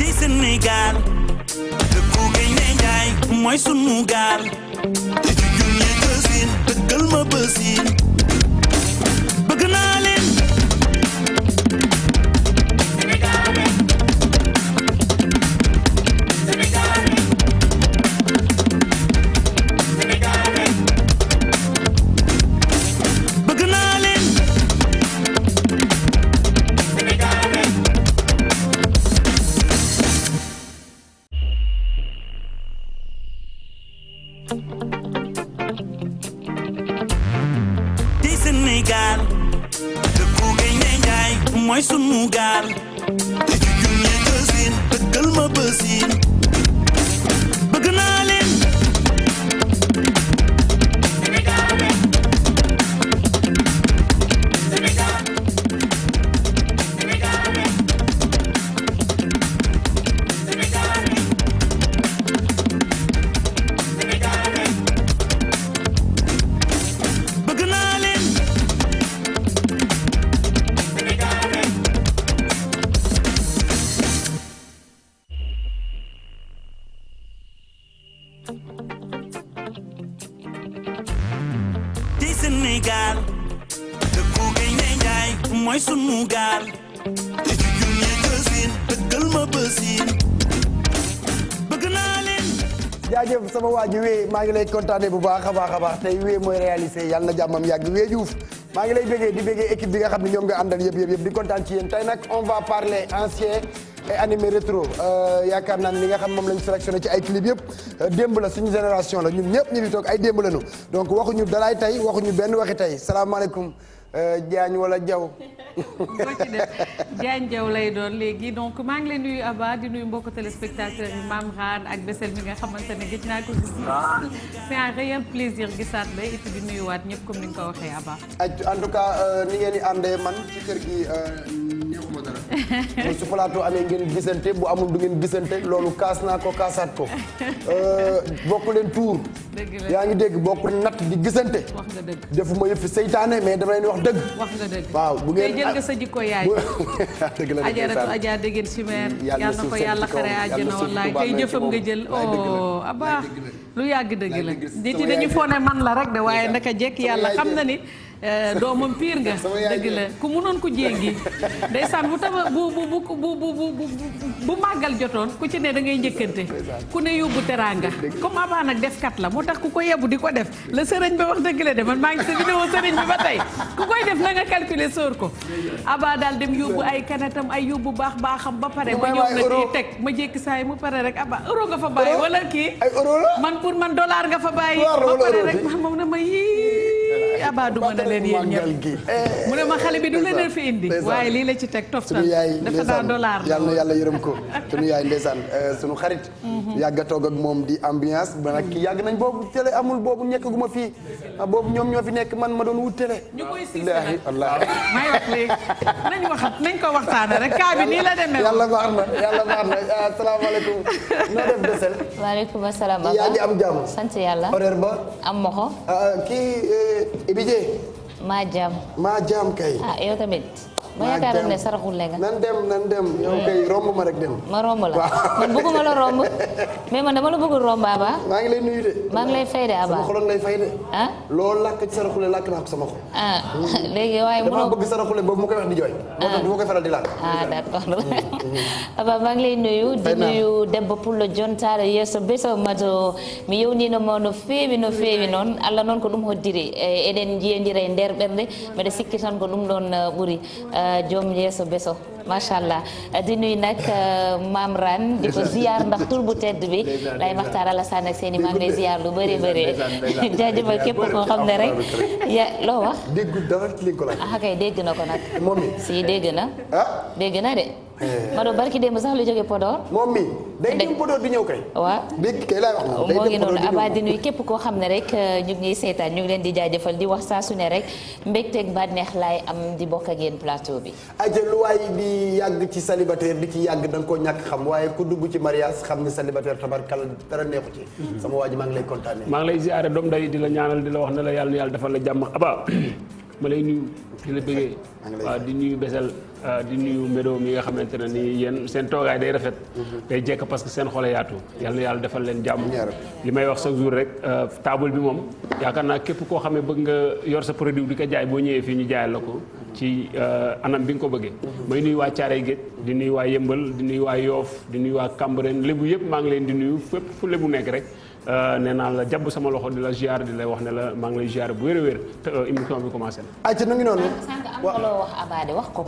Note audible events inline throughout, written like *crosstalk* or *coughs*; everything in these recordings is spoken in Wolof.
di Sénégal dëkku géej ne njaay mooy sunu gaal di junjee gësin dëggal ma bësin Sénégal dëkku gaynde njaay mooy sunu gaal li junnee jësin dëggal ma bësin bëgg naa leen jaajëf sama waa ji wee maa ngi lay kontaane bu baax a baax a baax tey wee mooy réalisé yàlla na jàmmam yàgg wee Diouf maa ngi lay béggee di béggee équipe bi nga xam ne ñoom nga àndal yëpp yëpp yëpp di kontaan ci yéen tey nag on va parler ancien et animé euh, yaakaar naa ne li nga xam moom lañu sélectionné ci ay clip yëpp euh, démb la suñu génération la ñun ñëpp ñu fi toog ay démb lañu donc waxuñu dalaay tey waxuñu benn waxi tey salaamaaleykum euh, Diagne wala Diaw. Diagne Diaw lay léegi donc maa ngi leen nuyu Aba di mbokk téléspectateurs yi Mame Rane ak nga xamante ne gis naa ko gis. c'est un réel plaisir comme ni nga en tout cas ni ngeen di àndee man ci kër gi. la su plateau amee ngeen gisante bu amul du ngeen gisante loolu kaas naa ko kaasaat ko euh, bokk leen tuur yaa ngi dégg bokk natt di gisante wax nga dëgg defuma yëpp seytaane mais dama leen wax dëgg wax nga waaw bu ngeen jël nga sa jikko yaay *laughs* dëgg la ajaratu ajaa si meer yàlla ko yàlla xare jëfam nga jël o oh, abaa lu yàgg dëgg la nit yi dañu foone man la rek de waaye naka jekk yàlla xam na ni Eh, doomam piir nga dëgg la ku munoon ko jéegi ndeysaan bu taba bu bu bu bu bu bu màggal jotoon ku ci ne da ngay njëkkante ku ne yóbbu teraanga comme abaa nag defkat la moo tax ku ko yebu di ko def la sëriñ bi wax dëgg la de man maa ngi sa vidéo sëriñ bi ba tey ku koy def na nga calculer sóor ko abaa daal dem yóbbu ay kanatam ay yóbbu baax baaxam ba pare ma ñëw na di teg ma jékki saay mu pare rek abaa euro nga fa bàyyi wala kii man pour man dollar nga fa bàyyi ba pare man moom na ma yii abaaduma na leen yéen ñëpp eh, mu ne ma xale bi du leen fi indi waaye lii la ci teg toftal dafa daa dollar na yàlla yërëm ko sunu yaay ndeysaan eh, sunu xarit mhm. yàgg a toog ak moom di ambiance ba nag yàgg nañ boobu télé amul boobu nekkaguma fii ah, boobu ñoom ñoo fi nekk man ma doon wut télé ñu koy siise nag *laughs* may wax léegi nañ waxat nañ ko waxtaane rek kaa bi nii la demee yàlla baax na yàlla baax na ah, asalaamaaleykum noo def desel waaleykum asalaam yaa ngi ba am moxo ah, kii eh, Ibi Dieng. maa jaam maa jaam kay. ah yow tamit. ma yaakaaroon ne saraxul nga nan dem nan dem yow hmm. romb ma rek dem ma romb la *laughs* man bëgguma la romb *laughs* mais man la bëggul romb Aba maa ngi lay nuyu de maa ngi fay de Aba sama xoloon lay fay de ah, ah. Hmm. *laughs* ah. ma koy faral di làkk ah d'accord hmm. maa ngi lay nuyu di nuyu debbo pullo jontaɗo yesso beso mato mi yewninomo no feewi no feewi noon allah noon ko ɗum hoddiri eɗen eh, jeyodira e nder ɓerde mbeɗa sikki tan ko ɗum ɗon eh, ɓuuri eh, Diom eh, Yeeso Beso macha allah eh, di nuyu nag eh, maam Ran di ko ziar ndax bu tedd bi lay maxtaar Alassane ak seen i maam lay ziar lu bëree bëree jaajëfal képp koo xam ne rek ya loo wax dégg ah, kay dégg na ko nag si dégg na ah? dégg na de Mado barki dem sax lu jógee Podor. moom mi day dem Podor di ñëw kay. waa léegi kay moo ngi noonu Abba di nuyu képp koo xam ne rek ñu ngi ñuy seetaan ñu ngi leen di jaajëfal di wax saa su ne rek mbégteeg bànneex laay am di bokk ak yéen plateau bi. aja lu waay bi yàgg ci célibataire mhm. di ci yàgg da nga koo ñàkk xam waaye ku dugg ci mariage xam ni célibataire tabarkal dara neexu ci. sama waa ji maa ngi lay kontaanee. maa ngi lay ziare doom day di la ñaanal di la wax ne la yàlla na yàlla defal la jàmm Abba ma lay nuyu di la bëggee waaw di nuyu Bessél Euh, di nuyu mbédoo mi nga xamante ne nii yéen seen toogaay day rafet. Mhm. day jekk parce que seen xol yaatu. yal yàlla defal leen jàmm. li may wax chaque jour rek euh, taabal bi moom yaakaar naa képp koo xam ne bëgg nga yor sa produit di ko jaay boo ñëwee fii ñu jaayal la ko. ci euh, anam bi nga ko bëggee. Mhm. may nuyu waa Caaray Géej di nuyu waa Yëmbal di nuyu waa Yoof di nuyu waa Cambérène lébu yëpp maa ngi leen di nuyu fépp fu lébu nekk rek. Euh, nee naa la jàpp sama loxo di la ziar di lay wax ne la maa lay ziar bu wér a wér te euh, émission bi commencé na. wax Abade wax ko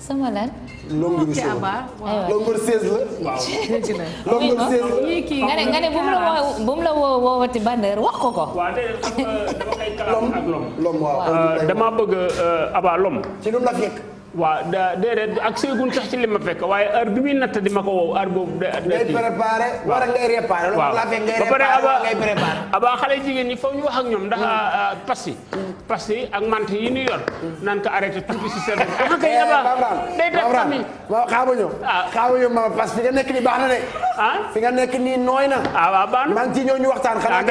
sama lan. longueur seize *laughs* longueur la. nga ne nga ne bu mu la woo bu mu la woo woowati bandeur wax ko ko. waaw *laughs* euh, bëgg Aba lom. ci lu mu la fekk. waaw déedéet ak seegun sax ci li ma fekk waaye heure bi muy natt di ma ko wow heure boobu. de at ngay préparé war ngay réparé. waaw ba pare jigéen ñi foofu ñu wax ak ñoom ndax mm. ah, ah, pass yi. pass yi mant yi ñu yor. Mm. naan ko arrêté tuuti si seen. *laughs* ah kay eh, abaa ah. nga nekk nii baax na de. fi nga nekk nii nooy na. ah waaw baax na maa ngi ciy ñëw ñu waxtaan. xanaa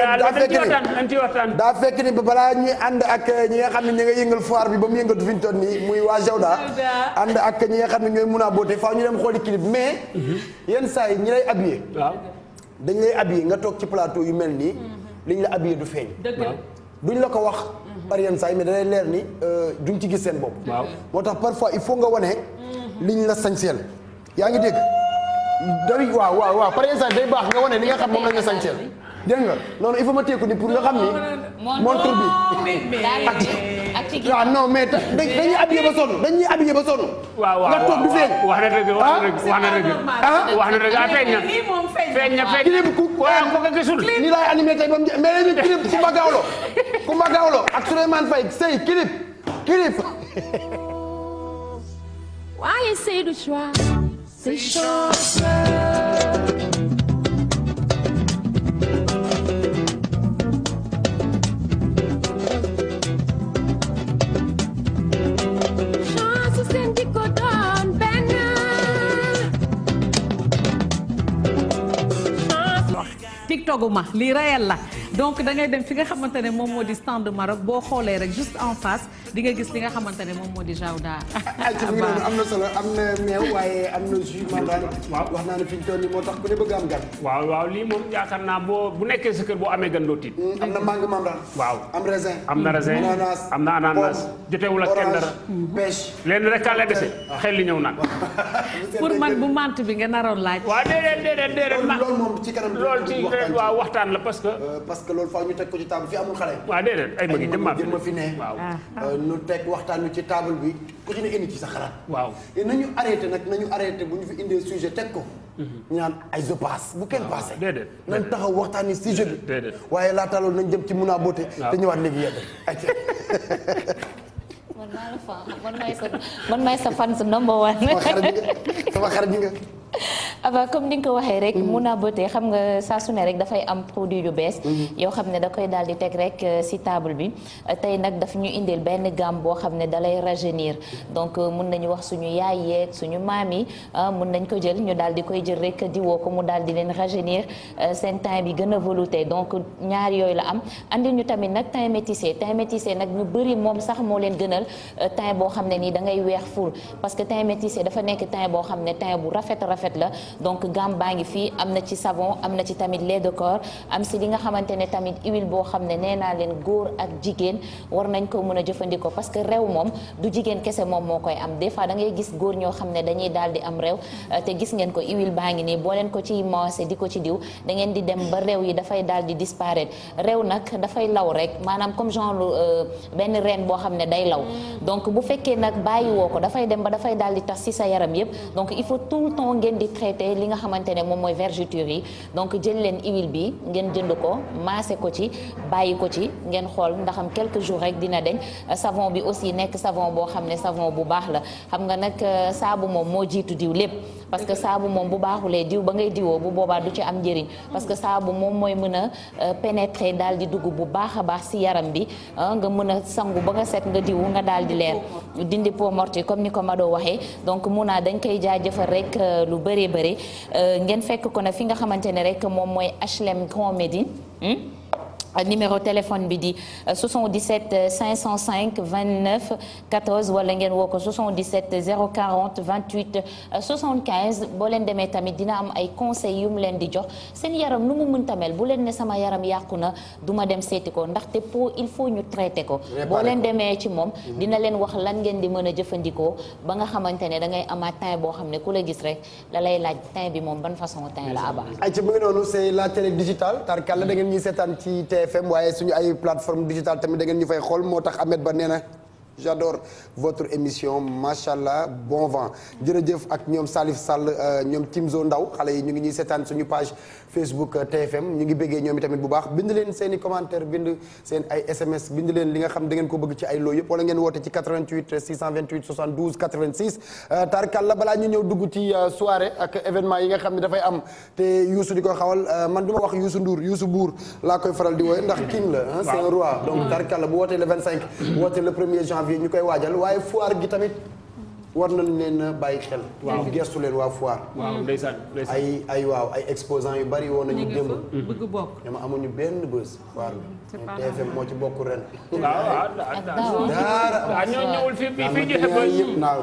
daa fekk ni daa balaa ñuy ànd ak eh, ñi nga xam ne ñi nga yëngal foire bi ba mu yëngatu fi ñu nii muy waa Jawda ànd ak ñi nga xam ne ñooy mun a boote faaw ñu dem xooli clip mais. Mhm. yenn saa yi ñi lay habillé. waaw dañ lay habillé nga toog ci plateau yu mel nii. Mhm. liñ la habillé du feeñ. duñ la ko wax. Mhm. par yenn saa yi mais da leer ni euh, duñ ci gis seen bopp. waaw moo tax parfois il faut nga wane. liñ la sañseel yaa ngi dégg. day waaw waaw waaw par yenn saa yi day baax nga wane li nga xam moom lañ la sañseel dégg nga noonu il faut ma teeku ni pour nga xam ni. montre bi *laughs* ak. ak ci waaw ah, non mais dañuy habillé ba ba sonn. waaw waaw nga toog du feeñ. wax na dëgg wax na ah? dëgg ah? wax na dëgg ah feeñ na feeñ na feeñ na ku ko gisul. nii laay animé tey ba mu mais dañuy clip Coumba Gawlo Coumba Gawlo ak Souleymane Faye sëy clip clip. waaye Seydou Choua toguma lii réel la donc da ngay dem fi nga xamante moom moo di stand Maroc boo xoolee rek juste en face di gis li nga xamante moom moo di Jaouda. waaw ah, na solo am na meew waaye am na jus mandarin. waaw wax naa ne fi ñu toll nii moo tax ku ne bëgg am gan. waaw waaw lii moom yaakaar naa boo bu nekkee sa kër boo amee gan doo tiit. Hmm, waaw la dese hmm. ah. xel li ñëw naan. *laughs* pour man bu mant waxtaan la parce que loolu faaw ñu teg ko ci table fi amul xale. waaw déedéet ay bëgg jëmma fi jëmma fi ne. waaw ah. euh, ñu teg waxtaan ci table bi ku ci ne indi ci sa xalaat. waaw nañu arrêté nag nañu arrêté bu ñu fi indee sujet teg ko. Mhm. ñaan naan ay je passe bu kenn passé. déedéet nañ taxaw waxtaanee sujet bi. déedéet waaye laata loolu nañ jëm ci mun a boote. te ñëwaat léegi yedd *laughs* man maa sa man maay sa fan nga aba comme ni nga ko waxee rek mun naa bëte xam nga saa su ne rek dafay am produit yu bees yoo xam ne da koy daal di teg rek si table bi tey nag daf ñu indil benn gamme boo xam ne dalay rajeunir donc mun nañu wax suñu yaay yeeg suñu maam yi mun nañ ko jël ñu daal di koy jël rek di woo ko mu daal di leen rajeunir seen teint bi gën a velouté donc ñaar yooyu la am andi ñu tamit nag teint métissé teint métissé nag ñu bëri moom sax moo leen gënal Euh, teint boo xam ne nii da ngay weex ful parce que teint dafa nekk teint boo xam ne teint bu rafet rafet la donc gamme baa ngi fii am na ci savon am na ci tamit lait de corps am si li nga xamante ne tamit huile boo xam ne nee naa leen góor ak jigéen war nañ ko mën a jëfandikoo parce que réew moom du jigéen kese moom moo koy am des fois da ngay gis góor ñoo xam ne dañuy daal di am réew euh, te gis ngeen ko huile baa ngi nii boo leen ko ci moosé di ko ci diw dangeen di dem ba réew yi dafay daal di disparaître réew nag dafay law rek maanaam comme genre euh, benn reen boo xam ne day law donc bu fekkee nag bàyyi woo ko dafay dem ba dafay daal di tax ci sa yaram yëpp donc il faut tout le temps ngeen di traiter li nga xamante ne moom mooy vergeture yi donc jël leen huile bi ngeen jënd ko maase ko ci bàyyi ko ci ngeen xool ndaxam am quelques jours rek dina deñ savon bi aussi nekk savon boo xam ne savon bu baax la xam nga nag euh, saabu moom moo jiitu diw lépp parce que saabu moom bu baaxulee diw ba ngay diwoo bu boobaa du ci am njëriñ parce que saabu moom mooy mën a euh, pénétrer daal di dugg bu baax a baax ci yaram bi ah, nga mën a sangu ba nga nga diw daal di leer dindi peau morte comme ni ko Mado waxee donc Muna dañ koy jaajëfal rek euh, lu bëree bëri euh, ngeen fekk ko na fi nga xamante ne rek moom mooy HLM Grand Médine hmm? Euh, numéro téléphone bi di 77 505 29 14 wala ngeen woo ko 77 040 28 75 boo leen demee tamit dina am ay conseils yu leen di jox seen yaram lu mu mënta mel bu leen ne sama yaram yàqu na du ma dem seeti ko ndax te peau il faut ñu traité ko boo leen demee ci moom mhm. dina leen wax lan ngeen di mën a jëfandikoo ba nga xamante ne da ngay amaat teint boo xam ne ku la gis rek la lay laaj teint bi moom ban façon teint la aba ay ci mu noonu c'est la télé digitale tarkal la da ngeen ñuy TFM waaye suñu ay plateforme digitale tamit da ngeen ñu fay xool moo tax Ahmed Ba nee na j'adore votre émission macha allah bon vent jërëjëf ak ñoom Salif Sall euh, ñoom Timzo Ndaw xale yi ñu ngi ñuy seetaan suñu page Facebook euh, TFM ñu ngi bëggee ñoom itamit bu baax bind leen seen i commentaire bind seen ay SMS bind leen li nga xam da ngeen ko bëgg ci ay loo yëpp wala ngeen woote ci 88 628 72 86. Tarkalla balaa ñu ñëw dugg ci euh, soirée ak événement yi nga xam ne dafay am te Youssou di ko xawal man du ma wax Youssou Ndour Youssou Bour laa koy faral di wooye ndax king la. c'est un roi donc Tarkalla bu wootee janvier ñu koy waajal waaye foir gi tamit war nañ leen bàyyi xel. waaw gestu leen waa foire. waaw ndeysaan ndeysaan ay ay waaw ay exposants yu bari woon nañu. démb bëgg bokk. dama amuñu benn bës foire bi. TFM moo ci bokk ren. waaw ah, ah, ah, daara ñoo ñëwul fii fii joxe bës. naaw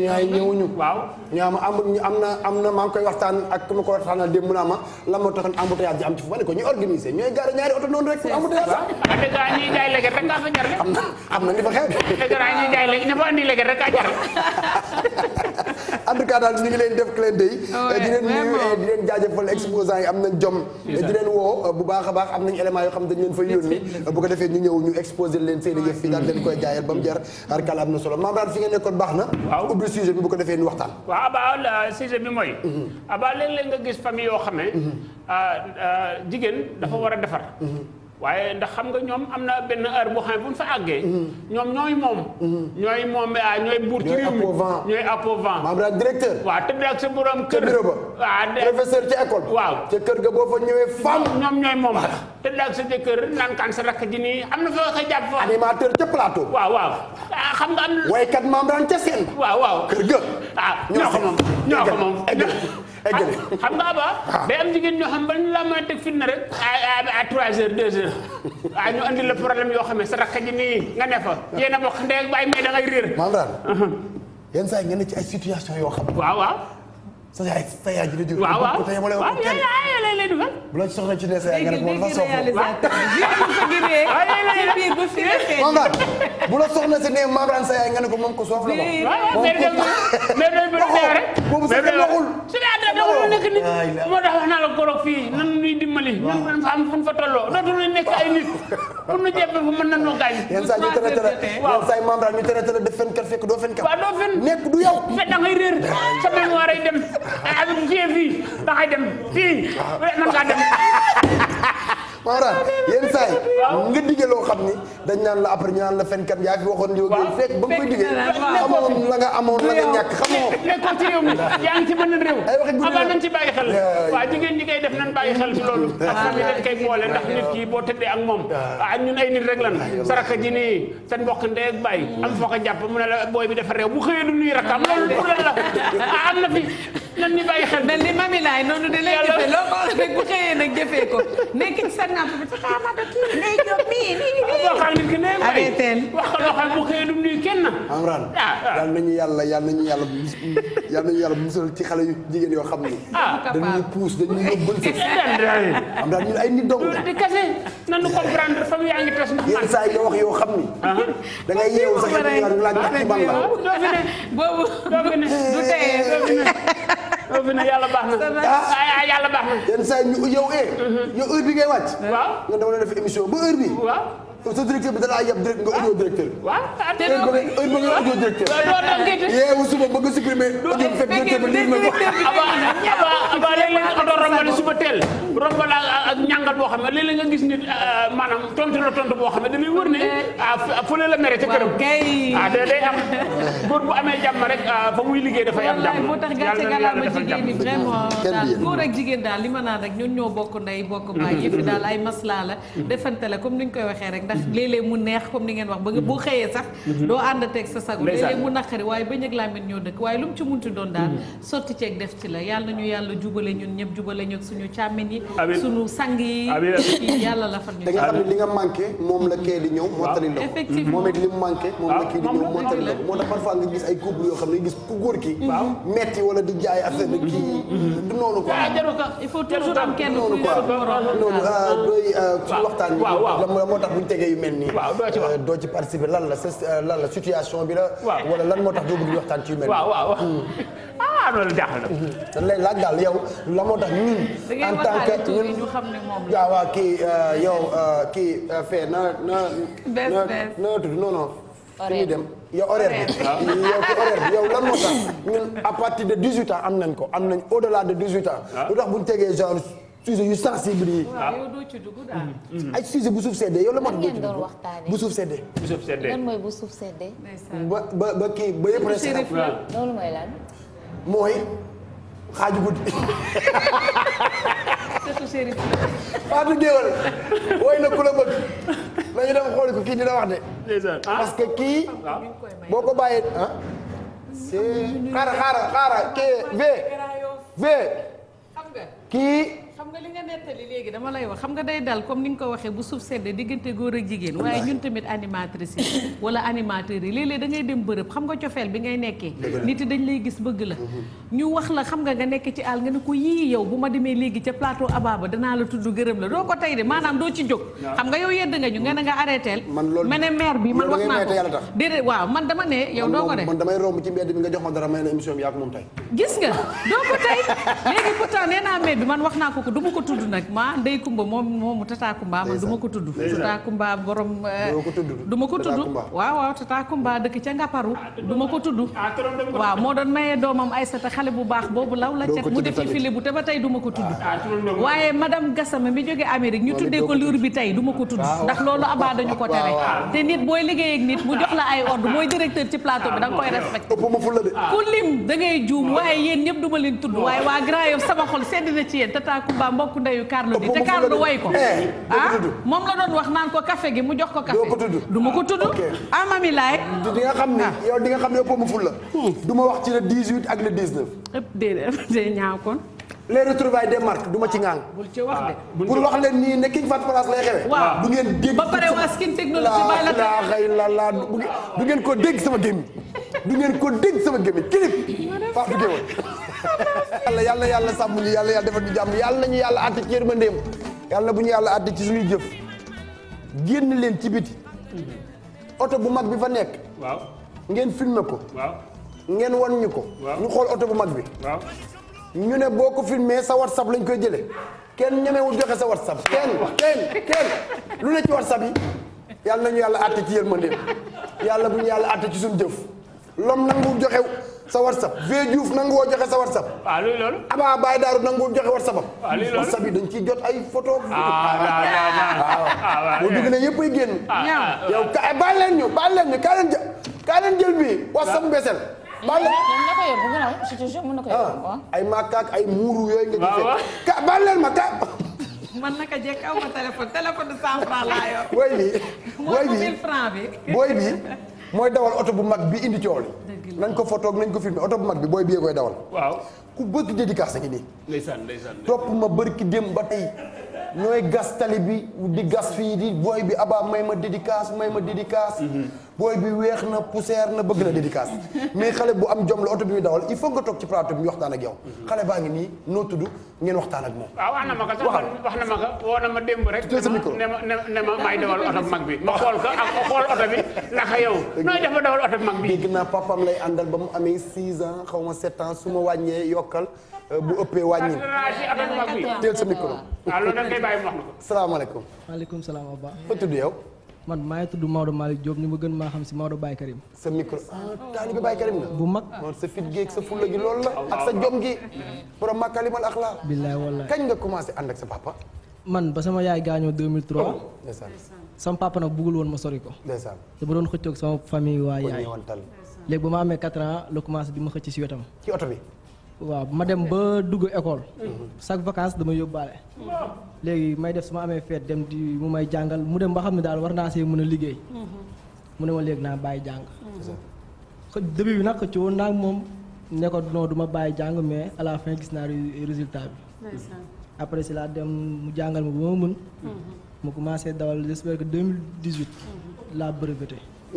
ñaay ñëwuñu. waaw ñu am na am na maa koy waxtaan ak ku ma ko a démb naa ma la moo taxoon embouteillage ji am ci fu ma ne ko ñu organisé ñooy gaare ñaari oto noonu rek. embouteillage sax waaw na am fa xew. ne fa andi léegi rek kaa jar. *laughs* en am nañ jom di leen woo euh, bu baax a baax am nañ nañ élément yoo xam dañ leen fay yónni bu ko defee ñu ñëw ñu exposé leen seen i yëf fi daal leen koy jaayal ba mu jar arkal am na solo membrane fi nga nekkoon baax na waaw ubbi sujet bi bu ko defee ñu waxtaan waaw aba sujet bi mooy mhm. aba léeg-léeg nga gis famille yoo xamee mhm. ah, ah, jigéen dafa war a defar mhm. waaye ndax xam nga ñoom am na benn heure boo xam ne bu ñu àggee. ñoom ñooy moom. ñooy moom ah ñooy buur ci réew mi ñooy appauvant. maam daal directeur. waaw tëdd ak sa borom kër. Ah, ca école. waaw ca kër ga boo fa ñëwee femme. ñoom ñooy moom tëdd ak sa jëkkër am na fa ka jàpp fa. animateur ca ah, xam nga am. waykat maam daan ca seen. waaw waaw kër ga. ah ñoo ko moom ñoo ko moom eggale xam nga ah. ba day am jigéen ñoo xam ba ñu laa mën a teg fitna rek à à trois heures deux heures ah ñu andi la problème yoo xam ne sa rakk ji nga ne fa yéen a bokk ndey ak baay mais da ngay réer. Uh-huh. nga ne ci ay situation yoo xam. waaw sa yaay feeyaa ji di dugal. waaw waaw waaw yooyu lay lay dugal. bu la ci soxla ci dese nga ne ko ma soxla. *laughs* bu la soxla si ne Mame sa yaay nga ne ko moom ko soof la ko. waaw mais de mais de bu dee rek. boobu sax dina waxul. su dee da nga doon nekk nit. moo tax wax naa la góor fii nan nuy dimbali. waaw nan fa am fu fa tolloo dootuñu nekk ay nit. pour nu jëpp fu mën nañoo gaañ. yenn saa ñu tere tere yenn saa yi Mame Rane ñu tere tere def fenkat fekk doo fenkat. waaw doo fen nekk du yow. fekk da ngay réer sa mémoire ay dem Habib ah, fii fii da ngay dem fii man ngaa dem. *laughs* maanaam yenn saa yi nga diggee loo xam ni dañ naan la après ñu naan la fenkat yaa fi waxoon lii ak fekk ba nga koy diggee xamoon la nga amoon la nga ñàkk xamoo réew mi yaa ngi ci ci bàyyi xel waaw jigéen ñi koy def nañ bàyyi xel ci loolu *laughs* ak xam ak moom ah. ah ñun ay nit rek lan saraka ji nii seen mbokk ndey ak bàyyi jàpp mu ne la booy bi dafa réew bu xëyee du nuyu rakam loolu pour lan la *laughs* ah am na fi nan ni bàyyi xel mel ni mami laay noonu de lay jëfee loo ko wax bu xëyee nag jëfee ko nekk ci sa napp bi xaamata kii lay jóg nii nii nii waxal nit ki ne arrêté waxal waxal bu xëyee du nuyu kenn amran yal nañu yàlla yal nañu yàlla yal nañu yàlla musal ci xale yu jigéen yoo xam ni dañuy puus dañuy yóbbal sa am daan ñun ay nit dong di kase nanu comprendre fa mu yaa ngi tas ndax yenn saa yi nga wax yoo xam ni da ngay yeewu sax laaj ci ban la doo fi ne boobu doo fi ne du teye fi ne yàlla baax na ah, ah, ah yàlla baax na. yenn saa ñu yow eh. Mhm. yow heure bi ngay wàcc. waaw nga dama def émission ba heure bi waaw. sa directeur bi da laa yab nga audio directeur. waaw ah te doo heure ba nga audio directeur. loolu loolu da nga koy def. yee suba waaw léeg-léeg nga doon rombali suba boo xam ne léeg-léeg nga gis nit euh, maanaam tontu la tontu boo xam ne dalay wër ne ah fële la mere ca këram ah day day rek ah, fa muy liggéey dafay am jàmm moo tax gàcce gàllaama jigéen ñi vraiment góor ak jigéen daal li ma naan rek ñun ñoo bokk ndey bokk baay yëfi daal ay maslaa la mm-hmm. defante comme ni ñu koy waxee rek ndax mm-hmm. léeg mu neex comme ni ngeen wax ba boo mm-hmm. xëyee sax doo ànd teg sa sago léeg-léeg mu naqari waaye ba ñëg laamin ñoo dëkk waaye lu mu ci munti doon daal sotti ceeg def ci la yàlla jubale ñun ñëpp jubale ñun suñu càmmin yi suñu sang yi ci *laughs* yàlla la fa ñu da nga xam ne li nga manqué moom la kee di ñëw mottali la ko moom it li mu manqué moom la ah. kii di ñëw mottali la ko moo tax parfois nga gis ay couple yoo xam ne gis ku góor ki mm-hmm. metti wala di jaay affaire bi mm-hmm. kii mm-hmm. du noonu quoi ah, il faut toujours am kenn noonu quoi noonu ah, doy ci waxtaan bi la moo tax buñ tegee yu mel nii euh, doo ci participer lan la euh, lan la situation bi la wala lan moo tax doo bëgg waxtaan ci yu mel nii waaw waaw hmm. ah loolu jaaxal na dañ hmm. lay laaj daal yow yow la moo tax ñun en tant que ñun waaw waaw kii euh, yow euh, kii euh, fee na na na na tudd non non dem yow horaire *laughs* yow ki horaire bi yow moo tax ñun à partir de 18 ans am nañ ko am nañ au delà de 18 ans ah. lu tax bu ñu tegee genre sujet yu sensible yi. ay bu suuf seddee yow la mat bu suuf seddee. bu suuf seddee lan mooy bu suuf seddee. ba ba kii ba yëpp rek. loolu mooy lan. mooy. xaaju guddi. surtout Serigne. Fatou Guéwal ku la bëgg nañu dem xooli ko kii dina wax ah. parce que kii. Ah. boo ko bàyyee ah. c'est xaaral kii V. V. kii. xam nga li nga nettali léegi dama lay wax xam nga day dal comme ni nga ko waxee bu suuf diggante góor ak jigéen waaye ñun tamit animatrice yi wala animateurs yi dem bërëb xam nga cofeel bi ngay nekkee nit yi dañ lay gis bëgg la mhm. ñu wax la xam nga nga nekk ci àll nga ne ko yii yow bu ma demee léegi ca plateau ababa danaa la tudd gërëm la doo ko tey de maanaam doo ci jóg xam nga yow yedd nga ñu nga ne nga arrêteel ma ne maire bi man wax naa ko déedéet waaw man ma dara nga doo ko tey léegi pourtant du ma ko tudd nag ma Ndeye Kumba moom moomu Tata Kumba man du ma ko tudd Tata Kumba borom eh, du ma ko tudd waaw waaw Tata Kumba dëkk ca Ngaparu ah, du ma ko tudd ah, waaw moo doon mayee doomam Aysata xale bu baax boobu law la cet mu def ci bu te ba tey duma ma ko tudd ah, waaye madame Gassama mi jógee Amérique ñu tuddee ko liir bi tey du ma ko tudd ndax loolu abaa dañu ko tere te nit booy liggéey ak nit mu jox la ay ordre mooy directeur ci plateau bi da nga koy respecté da ngay juum waaye yéen ñëpp du ma leen tudd waaye waa sama xol sedd na ci yéen Tata Samba mbokk ndeyu Carlou D te Carlou way eh, ko ah moom la doon wax naan ko café gi mu jox ko café du ma ko tudd ah mami di nga xam ne ah. yow di nga xam yow ma ful la hmm. wax ci le 18 ak le 19 ëpp déedéet ñaaw kon les retrouvailles des marques duma ci ngang. Ah, bul ci wax de pour ah, wax leen nii ne King Fat lay xewe. du ngeen dégg. ba pare waa skin technology bàyyi la xëy du ngeen ko dégg sama gémmiñ du ngeen ko dégg sama gémmiñ kilip Fatou Gueye yàlla yàlla yàlla sàmm ñu yàlla yàlla defal ñu jàmm yàlla nañu yàlla àtte ci yërmandeem yàlla bu ñu yàlla àtte ci suñuy jëf génn leen ci biti oto bu mag bi fa nekk waaw ngeen filmé ko ngeen wan ñu ko ñu xool oto bu mag bi waaw ñu ne boo ko filmé sa whatsapp lañ koy jële kenn ñemewul joxe sa whatsapp kenn kenn kenn lu ne ci whatsapp yi yàlla nañu yàlla àtte ci yërmandeem yàlla bu ñu yàlla àtte ci suñu jëf lom nanguwul joxe sa whatsapp Vieux Diouf joxe sa whatsapp. waaw ah, luy loolu. Aba Baye Darou nanguwul joxe whatsapp am. Ah, whatsapp yi dañ ciy jot ay photo ah yëpp ay génn. Ah, yow ka eh, baal leen whatsapp besel baal leen mën na ko yóbbu ay maakaak ay muuru yooyu nga gisee. ma ka. man naka jekk aw ma téléphone téléphone de 100 bi booy bi. mooy dawal oto bu mag bi indi coow li nañ ko photo nañ ko filmé oto bu mag bi booy bi koy dawal waaw ku bëgg dédicace ngi nii ndeysaan ndeysaan topp ma bërki dem ba tey ñooy gas tali bi di gas fii di booy bi abaa may ma dédicace may ma dédicace mhm. booy bi weex na poussière na bëgg na dédicace mais xale bu am jom la oto bi muy dawal il faut nga toog ci plateau bi ñu waxtaan ak yow. xale baa ngi nii noo tudd ngeen waxtaan ak moom. waaw wax na ma ko sax wax na ma ko rek. jël sa micro ne ma ne mag bi ma xool ko ak xool bi naka yow. naa papam lay àndal ba mu amee 6 ans xaw ma 7 su ma wàññee yokkal euh, bu ëppee wàññi. teel sa micro. waaw loolu da bàyyi mu wax na ko. maaleykum salaam wa ba. fa tudd yow. man maa ngi tudd Maodo Malick Diop ñu ma gën maa xam si Maodo Baye Karim. sa micro ah taalibe Baye Karim la. bu mag sa fit gi sa fulla gi lool la ak sa jom gi. borom makalimal ak laa. billaay wallaay kañ nga commencé ànd ak sa papa. man ba sama yaay gaañoo 2003. ndeysaan sama papa nag buggul woon ma sori ko. ndeysaan te ba doon xëccoog sama famille waa yaay. léegi ba ma amee 4 ans la commencé bi ma xëcc si wetam. ci oto bi. waaw ma dem ba dugg école. chaque vacance dama yóbbaale. léegi may def su ma amee feet dem di mu may jàngal mu dem ba xam ne daal war naa see mën a liggéey. mu ne ma léegi naa bàyyi jàng. début bi nag ci woon naa moom ne ko du ma bàyyi jàng mais à la gis naa résultat bi. après si laa dem mu jàngal ma ba ma mën. mu commencé dawal j'espère que 2018. laa breveté.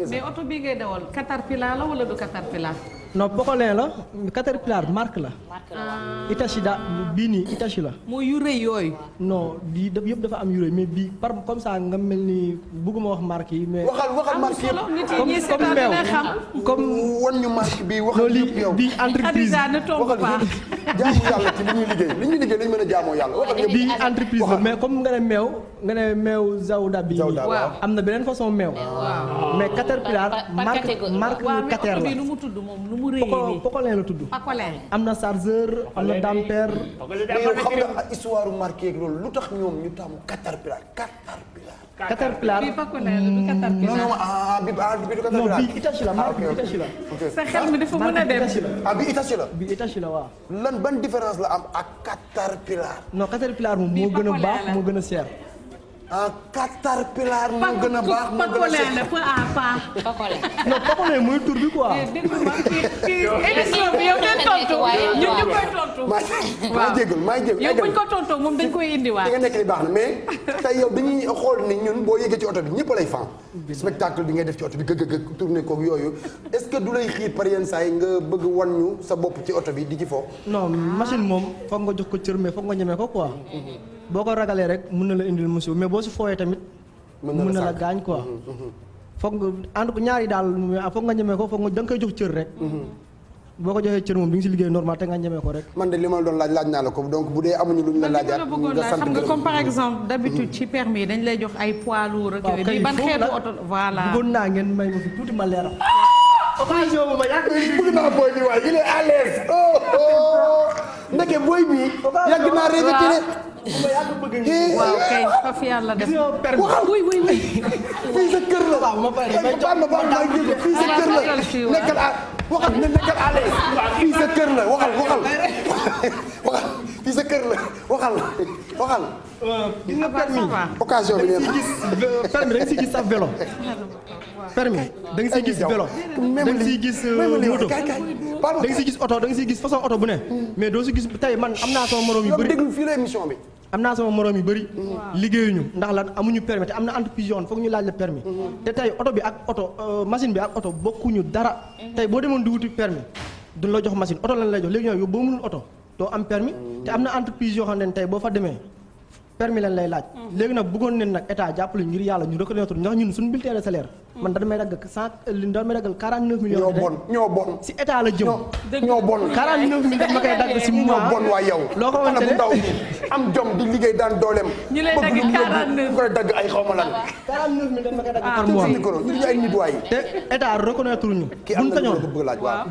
mais oto bii ngay dawal caterpillar la wala du caterpillar. non Pocolin la Caterpillar marque la. marque la Hitachi ah. da bii nii Hitachi la. mooy yu rëy yooyu. no di yëpp dafa am yu rëy mais bii par comme ça nga mel ni bëgguma wax marque yi mais. waxal waxal marque yi comme comme meew comme wan ñu marque bi waxal yëpp yow di entreprise waxal jaamu a jaamoo yàlla waxal yëpp. di entreprise mais comme nga ne meew. nga ne meew Zawda bi am na beneen façon meew. mais Caterpillar. marque marque Cater la. waaw Pocolin tudd. moom na chargeur am na damper. mais yow xam nga histoire marqué loolu lu tax ñoom ñu taamu Caterpillar Caterpillar. Caterpillar bii Pocolin la du Caterpillar. non non ah bi ah bi ah, du Caterpillar. non bii Hitachi la marque Hitachi ah, la. sa xel mi dafa mën a dem ah bi Hitachi la. bi Hitachi la waaw. lan ban différence la am ak Caterpillar. non Caterpillar moom moo gën a baax moo gën a seer. un ah, caterpillar moo gën a baax moo gën a sec la pa pa pakolé. non pakolé muy tur bi quoi. Eh, émission bi yow ngeen tontu ñun ñu koy tontu. maa jégal maa jégal yow buñ ko tontoo moom dañ koy indiwaat. baax na mais yow dañuy xool ni ñun boo yéegee ci oto bi ñëpp lay fan. spectacle bi ngay def ci oto bi gëgëgëg tourné koog yooyu est ce que du lay xiir par yenn saa yi nga bëgg wan ñu sa bopp ci oto bi di ci fo. non machine moom foog nga jox ko cër mais foog nga ñeme ko boo ko ragalee rek mën na la indil musiba mais boo si fooyee tamit. mën na la gaañ quoi. Mhm, mhm. foog nga ànd ko ñaari daal ah, foog nga ñemee ko foog nga da nga koy jox cër rek. Mhm. boo ko joxee cër moom di nga si liggéey normal te nga ñemee ko rek. man de li ma doon laaj laaj naa la ko donc bu dee amuñu luñ la laajaat nga sant xam nga comme par exemple d'habitude ci permis dañ lay jox ay poids rek. waaw kay foofu la oto voilà. bëggoon naa ngeen may ma fi tuuti ma leeral. *laughs* papa Sow ma yàgg bëgg naa booy bi waaye il est à l'aise oh oh ndeke booy bi. yàgg naa rêvé télé. ma yàgg bëgg ñu. waaw kay faf yàlla def. waaw oui oui oui. fii sa kër la. waaw ma bari ma jox ma bari fii sa kër la nekkal à waxal ne nekkal à l'aise. fii sa kër la waxal waxal waxal fii sa kër la waxal waxal. Euh, gis nga permis occasion bi ngeen gis permis da nga siy gis sax vélo. *laughs* permis da gis vélo. da nga gis euh, da nga gis oto da siy gis façon oto bu ne. Hmm. mais doo si gis tey man am naa sama morom yu bëri déglu fii émission bi. am naa sama morom yu bëri. Hmm. liggéeyuñu ndax lan amuñu permis te am na entreprise yoon foog ñu laaj la permis hmm. tey oto bi ak oto euh, machine bi ak oto bokkuñu dara. tey boo demoon di wuti permis duñ la jox machine oto lañ lay jox léegi ñoom yow boo oto doo am permis am na entreprise yoo xam ne tey boo fa demee permis lay laaj léegi nag bëggoon nen nag état jàppale ngir yàlla ñu reconnaître ndax ñun suñu bulletin de salaire man dañ may daggal cent dañ may daggal 49 millions ñoo bon si état la jëm ñoo bon 49 millions daf ma koy dagg si mois ñoo bon waa yow loo ko xamante ne ndaw am jom di liggéey daan dooleem ñu lay dagg 49 koy dagg ay xawma lan 49 ah. millions dañ ma koy dagg par ah. mois ñu ay nit waay te état reconnaître ñu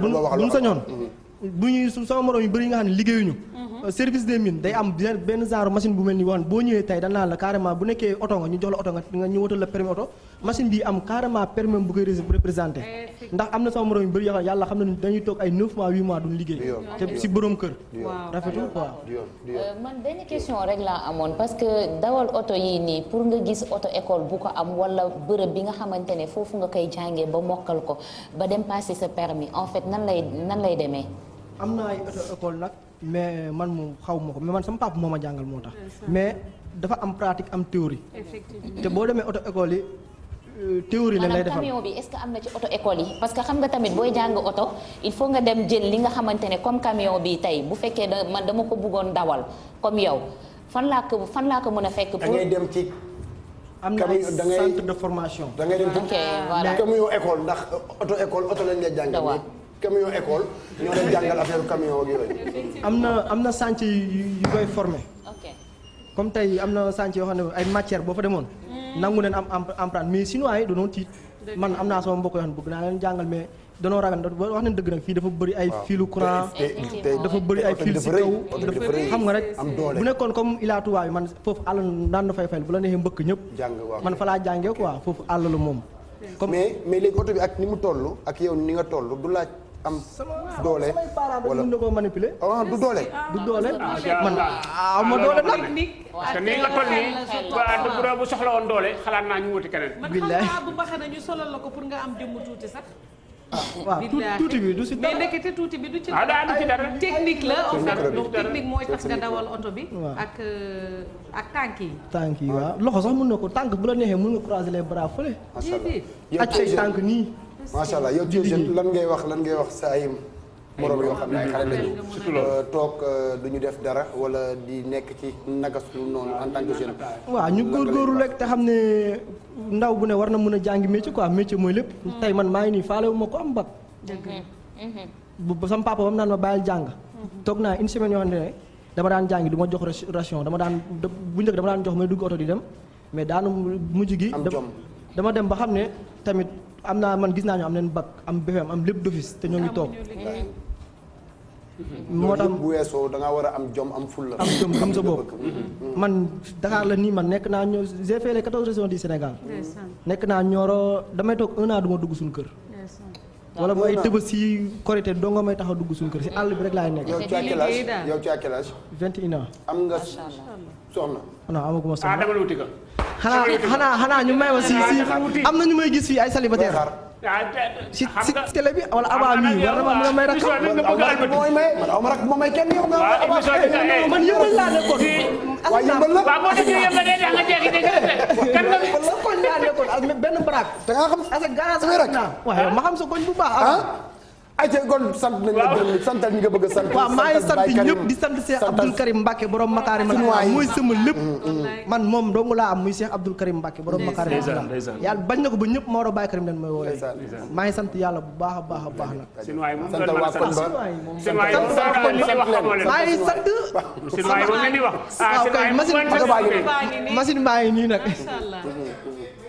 buñ sañoon buñ bu ñuy sama morom yu bëri yi nga xam ne liggéeyuñu mhm. euh, service des mines day am benn genre machine bu mel ni boo xam ne boo ñëwee tey danaa la carrément bu nekkee oto nga ñu jox la oto nga ñu wutal la permis oto machine bi am carrément permis bu koy représenté eh, ndax am na sama morom yu bëri yoo xam yàlla xam nañu dañuy toog ay 9 mois 8 mois duñ liggéey. te si borom kër. rafetul quoi. Euh, man benn question rek laa amoon parce que dawal oto yii nii pour nga gis oto école bu ko am wala bërëb bi nga xamante ne foofu nga koy jàngee ba mokkal ko ba dem passé sa permis en fait nan lay nan lay demee. am na ay oto école nag mais man mu xaw ma ko mais man sama papa moo ma jàngal moo tax. mais dafa am pratique am théorie. théorie la lay defal maanaam camion bi est-ce que am na ci auto école yi parce que xam nga tamit booy jàng auto il faut nga dem jël li nga xamante ne comme camion bi tey bu fekkee man dama ko bëggoon dawal comme yow fan laa ko fan laa ko mën a fekk. pour da ngay dem ci. am na ay centre de formation da ngay dem ci camion école ndax auto école auto lañ lay jàng. camion école ñoo lay jàngal affaire camion bi yooyu. am na am na centre yu koy formé. comme tey am na sànc yoo xam ne ay matière boo fa demoon mm. nangu leen am empreinte mais chinois yi dañoo tiit man am naa sama mbokk yoo xam ne bëgg naa leen jàngal mais danoo ragal ndax wax fii dafa bëri ay filu courant dafa bëri ay fil si kaw xam nga rek bu nekkoon comme Ila Touba bi man foofu àll naan na fay fay bu la neexee mbëkk ñëpp man fa laa jàngee quoi foofu àll la moom comme mais mais léegi oto bi ak ni mu toll ak yow ni nga toll du laaj am doole. wala mën na koo manipuler. ah du doole. Ah, ah, doole man ah ma doole nag. parce que ni nga toll nii bu soxla woon doole xalaat naa ñu wuti keneen. billaay man xam bu baax na ñu solal la ko pour nga am jëmm tuuti sax. Ah, waaw tuuti bi du si dara mais tuuti bi du ci dara technique la en fait donc technique mooy tax nga dawal oto bi ak euh, ak tànk yi tànk loxo sax mun na ko tànk bu la neexee mën nga croiser les bras fële ak tànk nii macha allah yow tu es jeune lan ngay wax lan ngay wax sa ay moroom yoo xam ne ay xale lañu euh, toog euh, du def dara wala di nekk ci nagasul noonu en tant que jeune. waaw ñu góorgóorlu rek te xam ne ndaw bu ne war na mën a jàngi métier quoi métier mooy lépp. Hmm. tey man maa ngi nii faale wu ma ko am ba. bu sama papa bam naan ma bàyyil jàng. Hmm. toog naa une yoo xam ne dama daan jàngi du ma jox ration dama daan bu njëkk dama daan jox may dugg oto di dem mais daanu mujj gi. dama dem ba xam ne tamit. am naa man gis naa ñu am nañu bac am BFM e, am lépp d'office te ñoo ngi toog. moo tax bu weesoo da war a am jom am ful la am jom am sa bopp mm-hmm. Mm-hmm. man Dakar la nii man nekk naa ñoo j'ai fait les quatorze régions Sénégal. nekk naa ñooro damay toog un an dugg suñ kër. wala ah, mooy tëba si korité dongo may tax a dugg suñ kër si àll bi rek laay nekk. yow ci quel âge yow ci quel âge. 21 am nga. soxna. non amaguma soxna ah dama la wuti ko. xanaa xanaa ñu may ma si si ah, am na ñu may gis fii ay célibataire ah, si si télé bi wala abaa mi war na ma may rakk mooy may man aw ma rakk ma may kenn yow nga ah, man yëngal laa nekkoon waaw yëngal la waaw boo déggee yëngal day tax nga jéggi dégg kan la koñ laa nekkoon ak benn baraak da nga xam sa garage waaye ma xam sa koñ bu baax ayca kon sant nañ nga bëgg a sant. waaw maa ngi sant ñëpp di sant Cheikh Abdoul Karim Mbacke borom Makarim la mooy sama lépp. Mm, mm. man moom dong laa am muy Cheikh Abdoul Karim Mbacke borom Makarim la yàlla ba ñëpp Maodo Baye Karim leen mooy woowee. maa ngi sant yàlla bu baax a baax a baax nag. sinuwaay sant waa ah, nii nag.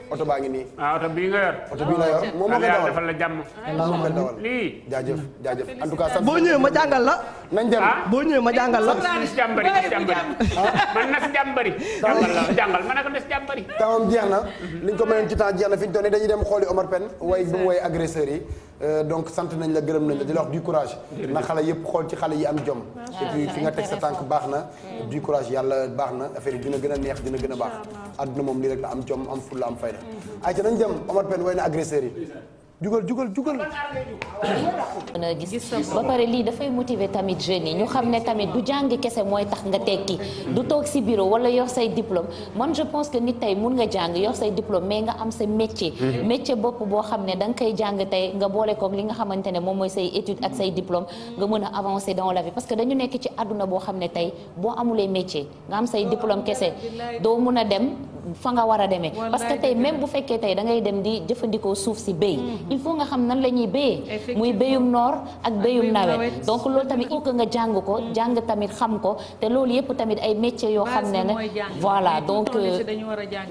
oto baa ngi nii. ah oto bii nga yor. oto bii nga yor moom moo koy dawal defal la jàmm. moo jaajëf jaajëf tout cas sant. boo ñëwee ma jàngal la. nañ dem ah? boo ñëwee ma jàngal la. Ah? nas jeex na. liñ ko mënoon ci temps jeex na fi ñu dañuy dem xooli Omar Pène way bu mu way agresseurs yi. Euh, donc nañ la gërëm nañ la di la wax du na xale yëpp xool ci xale yi am jom et puis nga teg sa tànk baax na du courage yàlla baax na affaire yi dina gën a neex dina gën a baax àdduna moom lii rek la am jom am fulla am fayda a ca nañ dem Omar Pène way na agresseur yi jugal jugal jugal. mën a ba pare lii dafay motiver tamit jeunes yi ñu xam ne tamit du jàng kese mooy tax nga tekki. du toog si bureau wala yor say diplôme man je pense que nit tey mun nga jàng yor say diplôme mais nga am sa métier. Mhm. métier bopp boo xam ne da nga koy jàng tey nga boole koog li nga xamante ne moom mooy say étude ak say diplôme nga mën a avancer dans la parce que dañu nekk ci àdduna boo xam ne tey boo amulee métier nga am say diplôme kese doo mun a dem fa nga war a demee. parce que tey même bu fekkee tey da ngay dem di jëfandikoo suuf si béy. Mhm. Mm-hmm. il faut nga xam nan la ñuy béyee muy béyum noor ak béyum nawet donc loolu tamit il faut nga jàng ko mm-hmm. jàng tamit xam ko te loolu yëpp tamit ay métiers yoo xam ne ne voilà donc euh,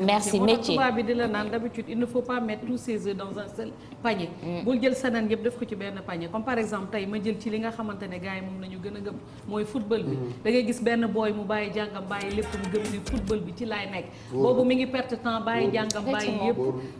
merci métier bi di la naan d'habitude il ne faut pas mettre tous ses œufs dans un seul panier mm. bul jël sa nen yëpp def ko ci benn panier comme par exemple tey ma jël ci li nga xamante ne gars yi moom la ñu gën a gëm mooy football bi mm. da ngay gis benn booy mu bàyyi jàngam bàyyi lépp mu gëm ni bi ci laay nekk boobu mi ngi perte temps bàyyi jàngam bàyyi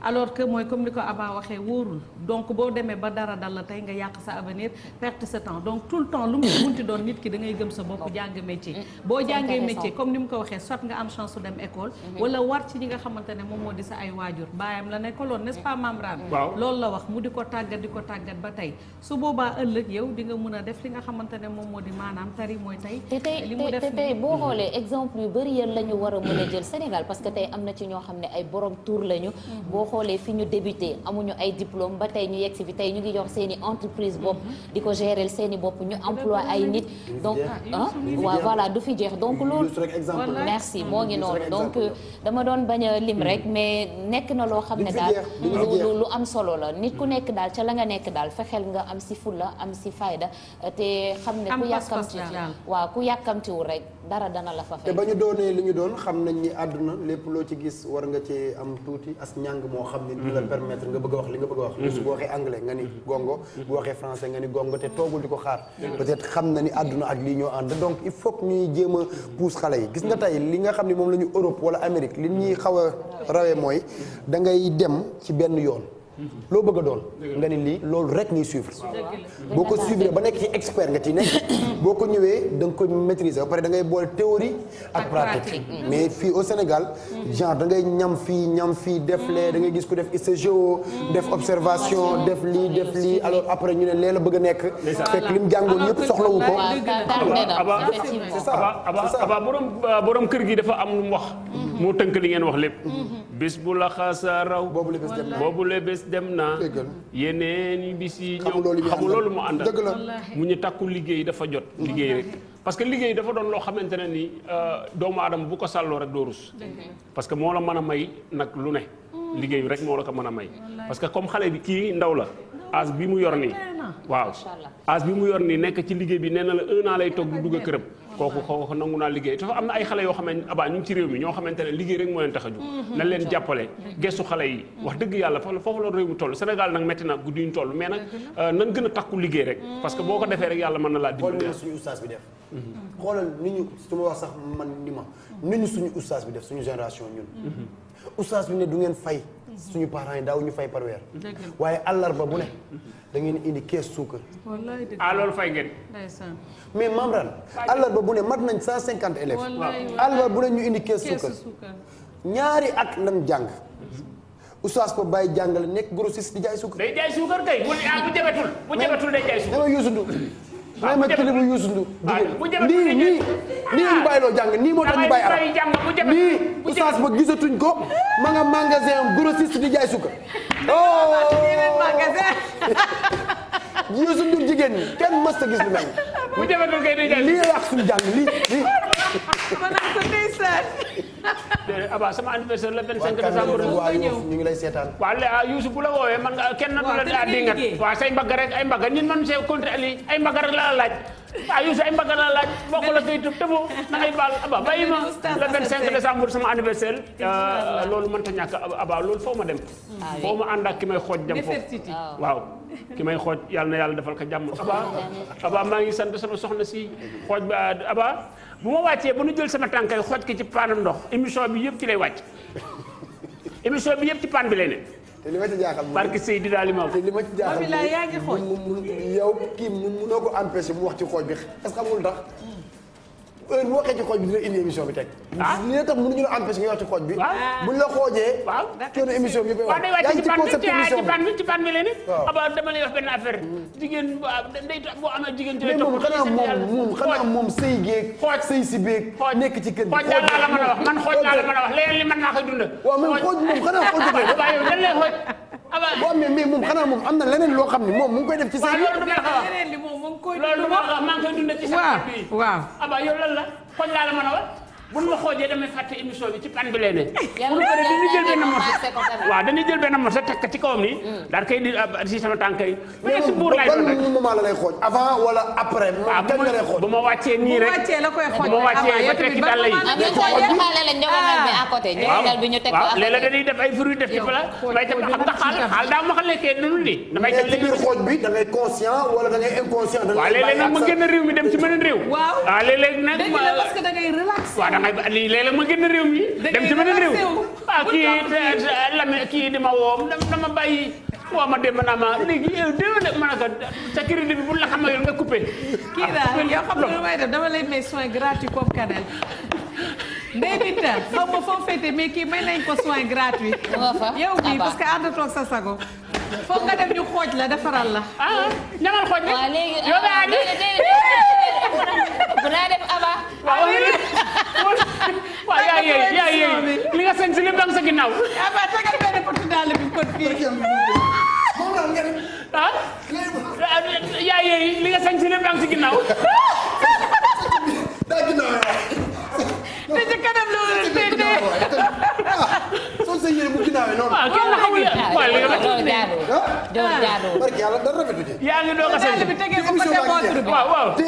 alors que mooy comme ni ko Aba waxee wóorul donc boo demee ba dara dal la tey nga yàq sa avenir perte sa temps donc tout le temps lu mu munti doon nit ki da ngay gëm sa bopp jàng métier mm-hmm. boo jàngee métier comme ni mu ko waxee soit nga am chance su dem école mm-hmm. wala war ci ñi nga xamante ne moom moo di sa ay waajur baayam la nekk n'est-ce pas mm-hmm. la wax mu ko tàggat di ko tàggat ba tey su boobaa ëllëg yow di nga mun a def li nga xamante ne moom moo di maanaam tari mooy tey li mu tey boo xoolee exemple yu bëri yéen la ñu war a mën a jël Sénégal parce que tey am na ci ñoo xam ne ay borom tour lañu boo xoolee fi ñu débuté amuñu ay diplôme ba tey ñu yegg si fi tey ñu ngi jox seeni entreprise bopp mhm. di ko gérer seen bopp ñu emploi ay nit donc ah, ah waaw voilà du fi jeex donc loolu merci ah, moo ngi noonu donc dama doon bañ a lim rek mhm. mais nekk na loo xam ne daal lu am solo la nit ku mhm. nekk daal ca la nga nekk daal fexeel nga am si fulla am si fayda te xam ne ku yàkkamti waa ku yàkkamtiwul rek dara dana la fa fekk te ba ñu doonee li ñu doon xam nañ ni àdduna lépp loo ci gis war nga ci am tuuti as ñàng moo xam ne du la permettre nga russe bu waxee anglais nga ni mhm. gongo bu waxee français nga ni gongo te toogul di ko xaar peut-être xam na ni àdduna ak lii ñoo ànd donc il faut que ñuy jéem a pousse xale yi gis nga tey li nga xam ne moom la ñu Europe wala Amérique li ñuy xaw a rawee mooy da ngay dem ci benn yoon loo bëgg a doon nga ni lii loolu rek ngay suivre boo ko suivre ba nekk ci expert nga ci nekk *coughs* boo ko ñëwee da nga koy maîtriser ba pare da ngay boole théorie ak pratique mm. mais fii au Sénégal genre da ngay ñam fii ñam fii def mm. lee da ngay gis ko def ISGO mm. def observation def lii def lii alors après ñu ne lee la bëgg a nekk fekk lim jàngoon yëpp soxlawu ko aba aba borom euh, borom kër gi dafa am lu mu wax mm-hmm. moo tënk li ngeen wax lépp mm-hmm. bis bu la xaasa raw boobu la bés dem naa. yeneen bis yi ñëw xamul loolu mu àndal mu ñu takku liggéey dafa jot. liggéey rek parce que liggéey dafa doon loo xamante ne ni euh, doomu adama bu ko sàlloo rek doo rus. parce que moo la mën a may nag lu ne. Mm. liggéey rek moo la ko mën a may. parce que comme xale bi kii ndaw la. as bi mu yor nii. waaw as bi mu yor nii nekk ci liggéey bi neena la un an lay togg du dugg këram. kooku xaw nangu naa liggéey dafa am na ay xale yoo xamante abaa ñu ngi ci réew mi ñoo xamante ne liggéey rek moo leen tax a jug mhm. nañ leen jàppale gestu xale yi mhm. wax dëgg yàlla foofu la réew mi toll Sénégal nag métti na guddi ñu toll mais nag euh, nan gën a takku liggéey rek mhm. parce que boo ko defee rek yàlla mën na laa dimbali suñu ustaas bi def xoolal ni ñu su ma man ni ma ni ñu suñu ustaas bi def suñu génération ñun ustaas bi ne du ngeen fay suñu parents yi daaw ñu fay par weer waaye àllarba bu ne da ngeen indi kees suukar ah, àllarba bu ne mat nañ cent cinquante élèves àllarba bu ne ñu indi kees suukar ñaari at lan jàng oustaz ko bàyyi jàngale nekk grossiste di jaay suukar day jaay kay bu jabatul bu jabatul day jaay suukar dama yusundu may ma clip bu Youssou Ndour nii nii nii ñu bàyyiloo jàng nii moo tax ñu bàyyi arab nii oustaz ba gisatuñ ko ma nga magasin am grossiste di jaay sukka oh! *laughs* Youssou Ndour jigéen ñi kenn mës a gis lu mel *laughs* lii yàq suñu jàng lii aba sama anniversaire la 25 décembre waa ñu ngi lay seetaan waa ah, Youssou la woowee man nga kenn na du la daa rek ay mbagg ñun man see contre ay mbagg rek la laaj waaw Youssou ay mbagg laa laaj bokk la koy tëb tëbu na ngay baal ba bàyyi ma le 25 décembre sama anniversaire euh, loolu mënta ñàkk abaa loolu foo ma dem ah, foo ma ànd ak ki may xooj dem foofu waaw ah. ki may xooj yàlla na yàlla defal ko jàmm Aba Aba maa ngi sant sama soxna si xooj ba Aba bu ma wàccee ba nu jël sama tànkay xooj ko ci paanam ndox émission bi yëpp ci lay wàcc émission bi yëpp ci paan bi lay ne te li ma ci jaaxal. barke Seydina Limamou te li ma ci jaaxal. moom yaa ngi xooj yow kii munoo ko empêché mu wax ci xooj bi est-ce que amul tax heure bu waxee ci xooj bi dina indi émission bi teg. ah li nga tax mënuñu la empêche nga wax ci xooj bi. Ah? buñ la xoojee. waaw ah? coono émission bi ñu wax. yaa ngi ci concept émission bi ci pan bi ci pan ah, dama lay wax benn affaire. jigéen jigéen ci lay topp. xanaa moom moom xanaa xooj sëy si beeg. nekk ci kër gi xooj daal la mën a wax man xooj daal la mën a wax leneen li mën naa koy dund. waaw man xooj moom xanaa *laughs* xooj boo amee mais moom xanaa moom am na leneen loo xam ne moom mu ngi koy def ci seen. loolu dama xam loolu dama xam maa ngi koy dund ci sa. waaw Aba yow lan la kon laa la mën a wax. bu nu ma xoojee damay fàtte émission bi ci pan bi lay ne. *laughs* yàlla na dañuy jël benn mot waaw mm. ah, si sama tànk yi. mais si buur la lay xooj avant wala après. Ah, kañ la lay xooj bu ma wàccee nii rek bu ma wàccee la koy xooj bu ma wàccee ba tekki daal bi ma xam lekkee dunu di. dem léegi biir xooj bi da ngay conscient wala nag ma génn réew mi dem ci beneen réew. xayma lii léeg-léeg ma génn réew mi. dem ci beneen réew ah kii eh, eh, lame kii dama woo dama bàyyi. waaw ma dem naa ma léegi eh, déwénal ma ne ko sa crédit bi bu la xamal nga coupé. kii daal yoo xam ne lu may dama lay may soin gratuit comme Kanel. déedéet daal xaw ma foo féete mais kii may nañ ko soin gratuit. yow mii parce que ànd toog sa sago. foog nga dem ñu xooj la defaral la. ñamal xooj rek. waaw li nga sëñ si lépp da nga sa ginnaaw. aba li nga sëñ si lépp da si ginnaaw. te ci kanam la war a seetee. soo sa yére bu ginnaawee noonu. de. door jaadoo yaa ngi doog a sëñ bi waaw waaw te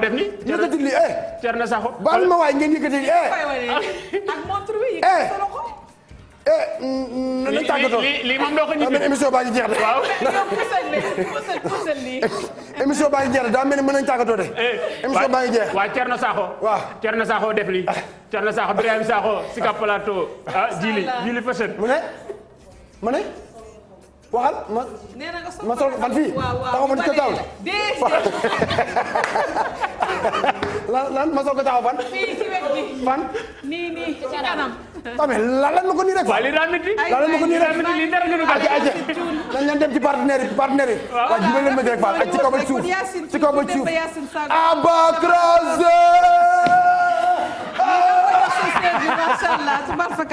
def ni. yëkkati li eh. Thierno Sakho. baal ma waay ngeen yëkkati eh. ak ah. Eh, mm, mm, nañ tàggatoo li lii moom doo ko ah, ñibbi émission baa jeex de. waaw *laughs* *laughs* émission baa ngi jeex de daa mel mën nañ tàggatoo de. Eh, émission baa ngi jeex. waaw Thierno na waaw Thierno Sakho def li ah. Thierno Sakho Birame Sakho Sika Plateau ah Jili Jili Fasset. mu ne mu waxal ma ma sol man fii taxaw ma di ko taxaw lan lan ma ko fan. nii nii ci kanam. tamit ma ko nii rek. waaw lii daan ma ko nii rek. lii dara gënu ko ayca ayca lan lan dem ci partenaire yi partenaire yi. waaw jubal leen ma direct fan ak ci kaw ba ci suuf ci kaw ci suuf. Abacrase.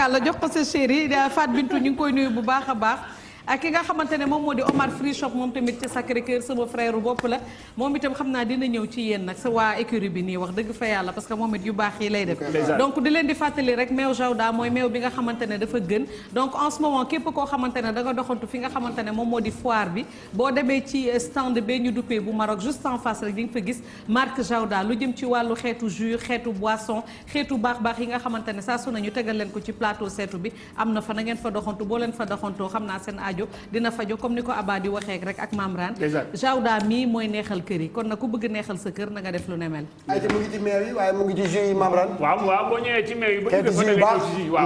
la jox ko sa chéri Fat Bintou ñu ngi koy nuyu bu baax a baax. ak ki nga xamante ne moom moo di Omar Free Shop moom tamit ci Sacré Cœur sama frère bopp la moom itam xam naa dina ñëw ci yéen nag sa waa écurie bi nii wax dëgg fa yàlla parce que moom it yu baax yi lay def donc di leen di fàttali rek meew jawda mooy meew bi nga xamante ne dafa gën donc en ce moment képp koo xamante ne da nga doxantu fi nga xamante ne moom moo di foire bi boo demee ci stand bi ñu duppee bu Maroc juste en face rek di nga fa gis marque jawda lu jëm ci wàllu xeetu jus xeetu boisson xeetu baax-baax yi nga xamante ne saa su nañu tegal leen ko ci plateau seetu bi am na fa na ngeen boo leen fa doxantoo xam naa seen aju dina faju comme ni ko Abba di waxee rek ak Mamran jawda mii mooy neexal kër yi kon na ku bëgg neexal sa kër na nga def lu ne mel ay mu ngi ci meew yi waaye mu ngi ci jus yi Mamran waaw waaw boo ñëwee ci meew ba ñu def waaw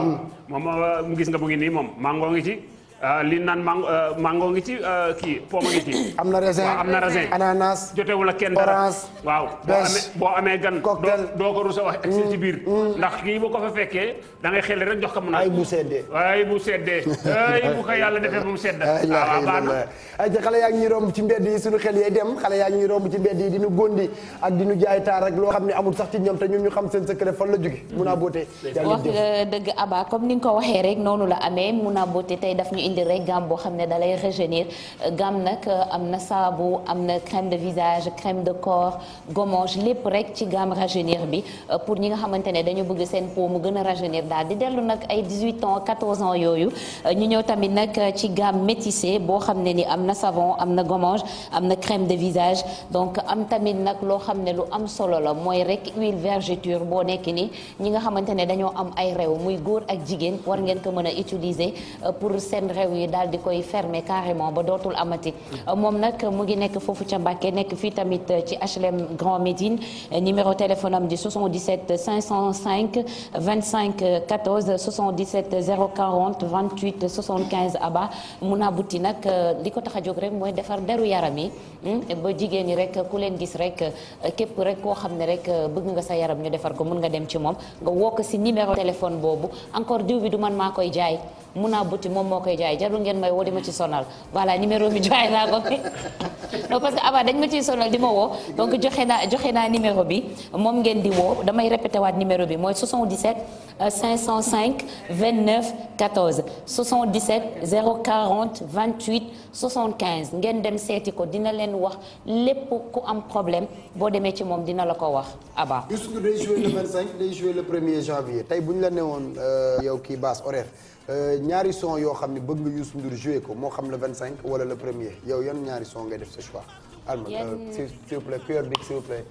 mm-hmm. moom mu gis nga bu ngi nii moom mango ngi ci Ah, lii naan mango ah, mango ngi ci ah, kii pomme *coughs* am na raisin am na raisin. ananas jotewul ak kenn dara orange. waaw boo amee boo amee gan. cocktail doo ko rusa wax ak ci biir. Mm, mm. ndax kii bu ko fa fekkee da ngay xel rek jox ko mu naan. ay bu seddee. ay bu seddee ay bu ko yàlla defee ba mu sedd. ci xale yaa xel yee dem xale yaa ngi ñuy romb ci di ñu góondi ak di jaay taar rek loo xam ne amul sax ci ñoom te ñun ñu xam seen secret fan la jóge mun a boote. Eh, dëgg Aba comme ni nga ko waxee rek noonu la amee mun a boote tey daf ñu indil rek gamme boo xam ne dalay régénérer gamme nag euh, am na saabu am na crème de visage crème de corps gommage lépp rek ci gamme rajeunir bi euh, pour ñi nga xamante ne dañu bëgg seen peau mu gën a rajeunir daal di dellu nag ay 18 ans 14 ans yooyu euh, ñu ñëw tamit nag ci gamme métissée boo xam ne ni am na savon am na gommage am na crème de visage donc am tamit nag loo xam ne lu am solo la mooy rek huile boo nekk ni nga xamante ne dañoo am ay réew muy góor ak jigéen war ngeen ko mën a pour seen réew yi daal di koy fermer carrément ba dootul amati moom nag mu ngi nekk foofu ca Mbacké nekk fii tamit euh, ci HLM Grand Médine numéro téléphone am di 77 505 25 14 77 040 28 75 Aba Mouna Bouti nag euh, li ko tax a jóg rek mooy defar deru yaram yi hmm, ba jigéen ñi rek ku leen gis rek euh, képp rek koo xam ne rek bëgg nga sa yaram ñu defar ko mun nga dem ci moom nga woo ko si numéro téléphone boobu encore diw bi du man maa koy jaay mun naa buti moom moo koy jaay jarul ngeen may woo di ma ci sonal voilà numéro bi joxe naa ko fi *laughs* non parce que dañ ma ciy sonal di ma woo donc joxe naa joxe naa numéro bi moom ngeen di woo damay répété waat numéro bi mooy 77 505 29 14 77 040 28 75 ngeen dem seeti ko dina leen wax lépp ku am problème boo demee ci moom dina la ko wax Aba. jusque day joué le tey bu ñu la newoon euh, yow kii base Euh, ñaari son yoo xam ne bëgg nga Youssou Ndour joué ko moo xam le 25 wala le premier yow yan ñaari son ngay def ce choix. alma euh, s'il vous plaît cuillère bi s'il vous plaît.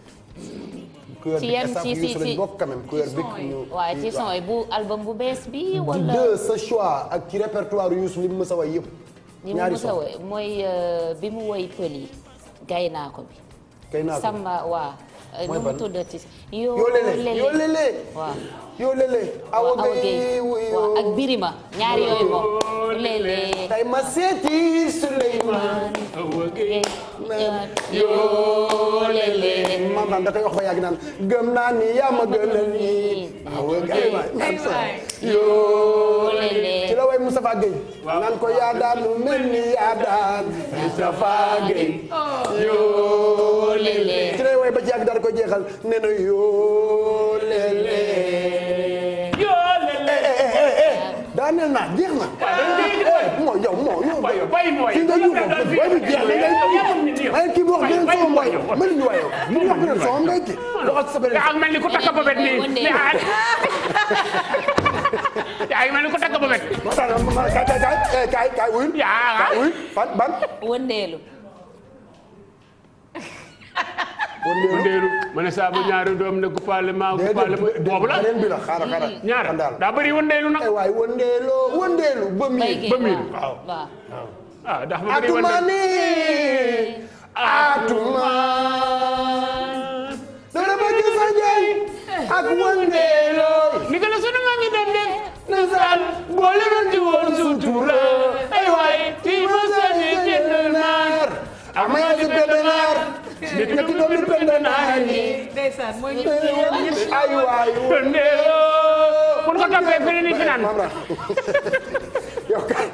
ci yenn ci ci ci waaw ci son yi bu album bu bees bi wala. deux sa choix ak ci répertoire Youssou li mu yëpp. ñaari son mooy euh, bi mu woy naa ko bi. gay naa nu mu tuddati yoo lele yoo lele lele ak birima ma seeti Suleymaan awa maam daan da koy wax ba yàgg naan gëm naa ni yaa ma gënal nii waaw gay waay maam sa yoo ci la way Moustapha Gueye naan ko yaa daan lu mel ni yaa daan Moustapha Gueye oh. yoo lele ci lay way ba ci yàgg daal koy jeexal nee na yoo lele daaneel naa jeex na. mooy yow mooy yow. kii nga ñu ko bay bi jeex na ngay ay kii wax beneen son mooy mel ni waay yow mu wax beneen son ngay kii loxo sa beneen mel ni ku takk bobet nii yaa ngi mel ni ku takk bobet. kaay kaay kaay wuyul. yaa kaay wuyul ban ban. wëndeelu. wëndeelu ma ne saa bu ah. ñaari doom ne ku parlement ku parlement boobu la la xaaral xaaral bëri wëndeelu nag waay wëndeelu wëndeelu ba miir ah, ma bëri atumani atuman dara ba ci sa njëy ak ni ko la sunu ngi doon def nasaan boo leen di woon sutura ti ma sa ni jënd naar am na di benn dëkk doomi Penda naa ni ay waay bu ñu ko toppee fii nii fi naan yow kay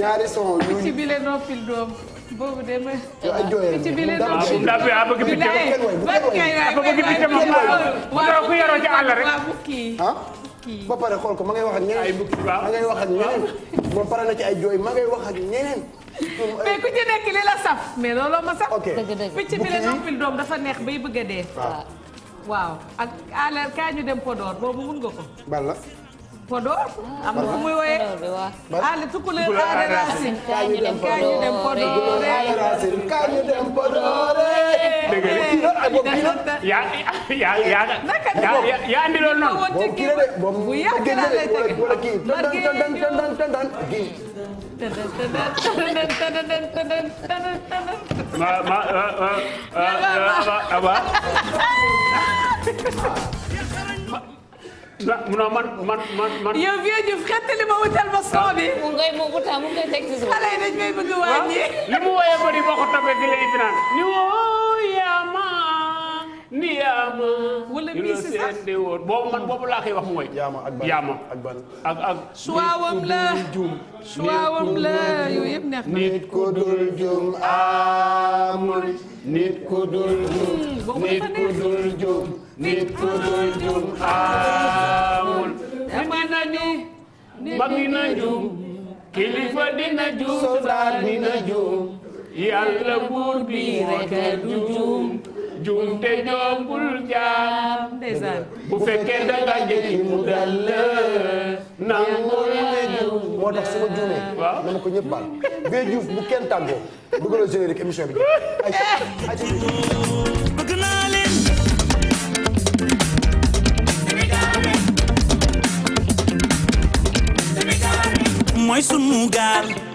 ñaari son yu ci bile noppil doom boobu de ma. ci bile noppil doom waaw bu ah, bëgg picc ah, moom waaw ku yoroo ci àll rek. Ah? ba pare xool ko ma ngay wax ak ñeneen. ma ngay wax ak ñeneen. ba pare na ci ay jooy ma ngay wax ak ñeneen. mais ku ci nekk li la saf. mais looloo ma saf. picc bi la noppil doom dafa neex bay bëgg a dee. waaw ak alal ah, kaa ñu dem Podor boobu mun nga ko. bala Podor am na fu muy wooyee Ali tukuleel Ali Racine kaay ñu dem Podor Ali Racine kaay ñu dem Podor dëgg la yaa yaa yaa yaa andi loolu noonu bu yàgg la lay tege ma ma ma non man man man man. yow vieux Diouf xettali ma wutal ma soo bi. Ah, mu ngay mu wutaa mu ngay teg ci suuf. xale yi dañ may bëgg ah, wàññi. li mu woyee ba di boo ko toppee di lay binaan. ni woo yaama ni yaama. wala bii si sax ñu woon boobu man boobu laa koy wax mooy. yaama ak ban yaama ak ban ak ak. suwaawam la suwaawam la yooyu yëpp neex na. nit ku dul jum amul. nit ku dul jum. Hmm, nit ku dul jum. nit ku dul jum xaamul dema na jum ba mi na jum kilifa dina jum soldaar dina jum yàlla buur bi rekk du jum jum te jombul jaam bu fekkee danga jëli mu dal la nangul ne jum moo tax su ma juumee waaw ma ne ko ñëpp baal bee juuf bu kenn tàggoo dugaloo générique émission bi ay mooy sunu gaal